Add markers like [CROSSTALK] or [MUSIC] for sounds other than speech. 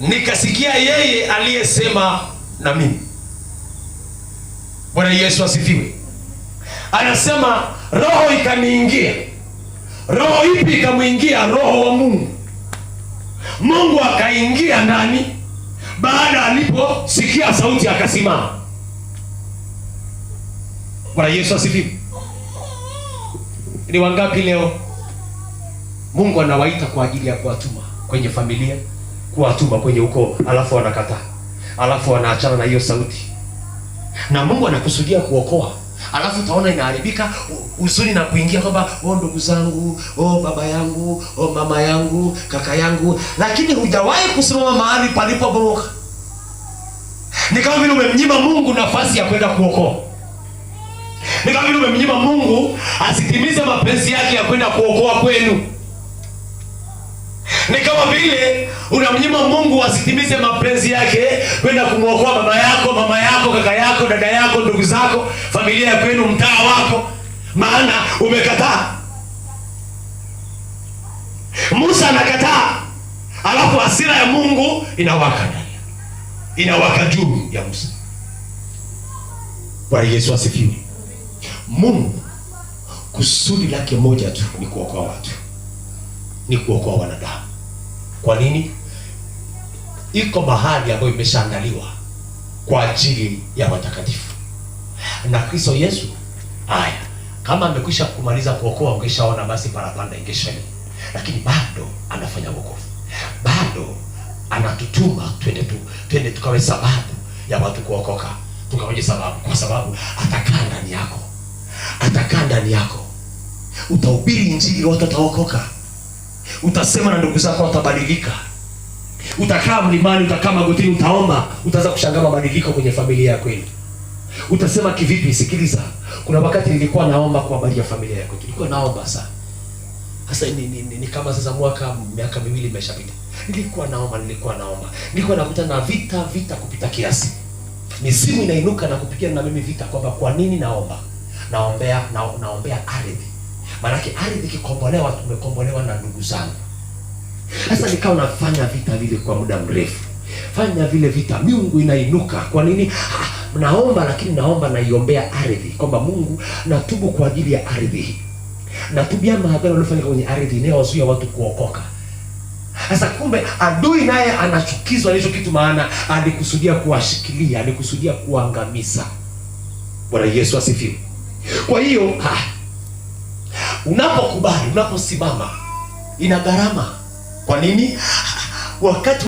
nikasikia yeye aliyesema na mimi. Bwana Yesu asifiwe. Anasema roho ikaniingia. Roho ipi ikamwingia? Roho wa Mungu. Mungu akaingia ndani, baada aliposikia sauti akasimama. Bwana Yesu asifiwe. Ni wangapi leo Mungu anawaita kwa ajili ya kuwatuma kwenye familia kuwatuma kwenye ukoo, alafu wanakataa, alafu wanaachana na hiyo sauti, na Mungu anakusudia kuokoa alafu utaona inaharibika uzuri na kuingia kwamba oh, ndugu zangu, oh, baba yangu, oh, mama yangu, kaka yangu, lakini hujawahi kusimama mahali palipobomoka. Ni kama vile umemnyima Mungu nafasi ya kwenda kuokoa. Ni kama vile umemnyima Mungu asitimize mapenzi yake ya kwenda kuokoa kwenu. Ni kama vile unamnyima Mungu asitimize mapenzi yake, kwenda kumwokoa baba yako, mama yako, kaka yako, dada yako, ndugu zako, familia ya kwenu, mtaa wako, maana umekataa. Musa anakataa, alafu asira ya Mungu inawaka inawaka juu ya Musa. Bwana Yesu asifiwe. Mungu kusudi lake moja tu ni kuokoa watu, ni kuokoa wanadamu. Kwa nini? Iko mahali ambayo imeshaandaliwa kwa ajili ya watakatifu na Kristo Yesu. Haya, kama amekwisha kumaliza kuokoa, ukishaona basi parapanda ingesheni, lakini bado anafanya wokovu, bado anatutuma twende tu twende tukawe sababu ya watu kuokoka, tukawe sababu, kwa sababu atakaa ndani yako, atakaa ndani yako, utahubiri Injili, watu wataokoka. Utasema na ndugu zako watabadilika. Utakaa mlimani, utakaa magotini, utaomba, utaanza kushangaa mabadiliko kwenye familia ya kwenu. Utasema kivipi? Sikiliza, kuna wakati nilikuwa naomba kwa habari ya familia yako, nilikuwa naomba sana. Sasa ni, ni, ni, ni kama sasa mwaka miaka miwili imeshapita, nilikuwa naomba, nilikuwa naomba, nilikuwa nakuta na vita vita kupita kiasi. Misimu inainuka na kupigana na mimi vita kwamba kwa nini naomba, naombea na, naombea ardhi Maanake ardhi ikikombolewa, tumekombolewa na ndugu zangu. Sasa nikawa nafanya vita vile kwa muda mrefu, fanya vile vita, miungu inainuka. Kwa nini? Naomba, lakini naomba naiombea ardhi kwamba Mungu, natubu kwa ajili ya ardhi, natubia maagano aliyofanyika kwenye ardhi inayowazuia watu kuokoka. Sasa kumbe adui naye anachukizwa nicho kitu, maana alikusudia kuwashikilia, alikusudia kuangamiza. Bwana Yesu asifiwe. Kwa hiyo ha, Unapokubali, unaposimama, ina gharama. Kwa nini? [LAUGHS] wakati